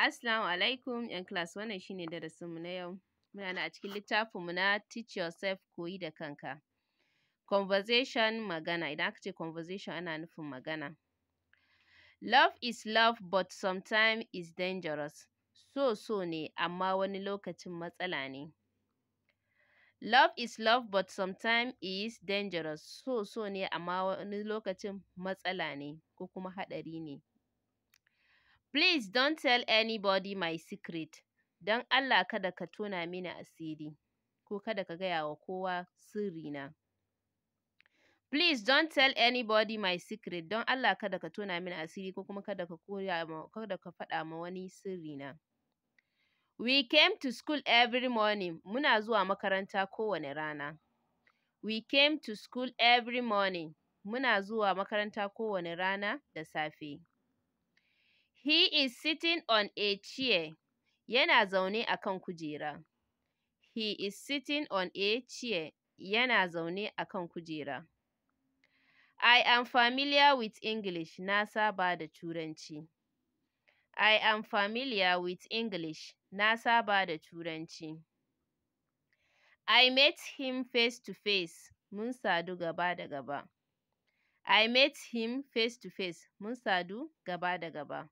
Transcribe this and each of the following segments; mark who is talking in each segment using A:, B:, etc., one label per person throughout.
A: Assalamu alaikum ‘yan class, wannan shi ne darasinmu na yau. Muna nan a cikin littafinmu na Teach Yourself, Koyi da Kanka. Conversation, magana. Idan aka ce conversation ana nufin magana. Love is love but sometimes is dangerous. So so ne amma wani lokacin matsala ne. Love is love but sometimes is dangerous. So so ne amma wani lokacin matsala ne ko kuma haɗari ne. Please don't tell anybody my secret, don Allah kada ka tona mini asiri, ko kada ka gaya wa kowa sirrina. Please don't tell anybody my secret, don Allah kada ka tona mini asiri ko kuma kada ka koya ma kada ka faɗa ma wani sirrina. We came to school every morning, muna zuwa makaranta kowane rana. We came to school every morning, muna zuwa makaranta kowane rana da safe. He is sitting on a chair. Yana zaune a kan kujera. He is sitting on a chair. Yana zaune a kan kujera. I am familiar with English. Na saba da Turanci. I am familiar with English. Na saba da Turanci. I met him face to face. Mun sadu gaba da gaba. I met him face to face. Mun sadu gaba da gaba.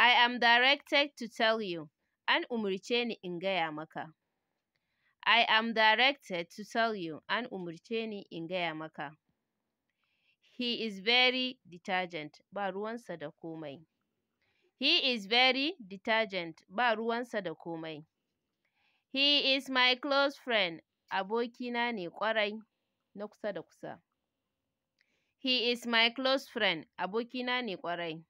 A: I am directed to tell you, an umarce ni in gaya maka. I am directed to tell you, an umarce ni in gaya maka. He is very detergent, ba ruwansa da komai. He is very detergent, ba ruwansa da komai. He is my close friend, abokina ne ƙwarai na kusa da kusa. He is my close friend, abokina ne ƙwarai.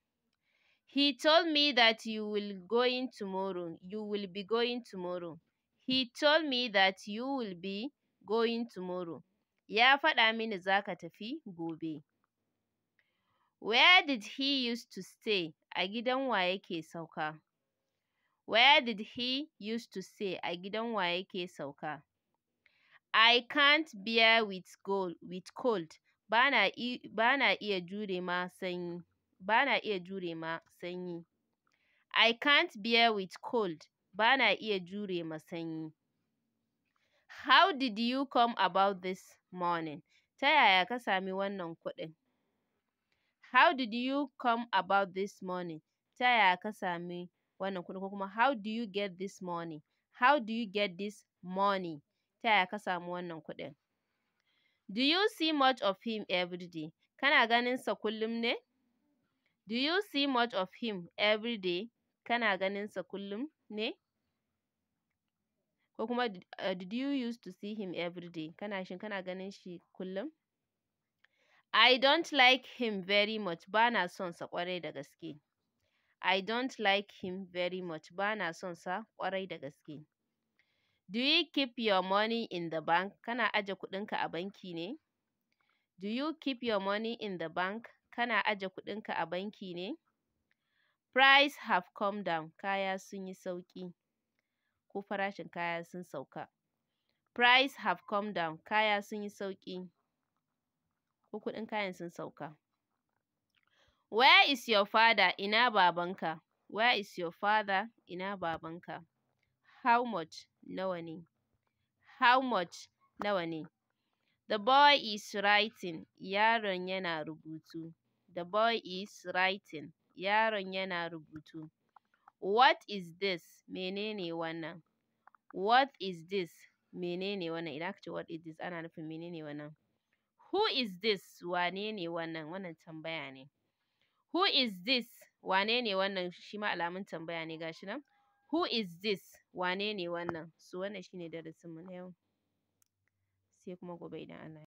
A: He told me that you will going tomorrow you will be going tomorrow. He told me that you will be going tomorrow. Ya faɗa mini za tafi gobe. Where did he used to stay? A gidan wa yake sauka? Where did he used to stay? A gidan wa yake sauka? I can't bear with cold, with cold. iya jure ma sanyi. Bana iya jure ma sanyi. I can't bear with cold. Ba na iya jure ma sanyi. How did you come about this morning? Ta yaya ka sami wannan kuɗin? How did you come about this morning? Ta yaya ka sami wannan kuɗin? Ko kuma how do you get this money? How do you get this money? Ta yaya ka samu wannan kuɗin? Do you see much of him everyday? Kana ganin sa kullum ne? Do you see much of him every day? Kana ganinsa kullum ne? Ko kuma eh, did you used to see him every day? Kana shin kana ganin shi kullum? I don't like him very much. Ba na son sa ƙwarai da gaske. I don't like him very much. Ba na son sa ƙwarai da gaske. Do you keep your money in the bank? Kana aje kuɗinka a banki ne? Do you keep your money in the bank? Kana aje kuɗinka a banki ne? Price have come down. Kaya sun yi sauƙi ko farashin kaya sun sauka. Price have come down. Kaya sun yi sauƙi ko kuɗin kayan sun sauka. Where is your father? Ina babanka? Where is your father? Ina babanka? How much? Nawa ne? How much? Nawa ne? The boy is writing. Yaron yana rubutu. The boy is writing. Yaron yana rubutu. What is this? Menene wannan? What is this? Menene wannan? Idan aka ce what is this ana nufin menene wannan? Who is this? Wanene wannan? Wannan tambaya ne. Who is this? Wanene wannan? Shi ma alamun tambaya ne ga shi nan. Who is this? Wanene wannan? So wannan shi ne darasinmu na yau. Sai kuma gobe idan Allah ya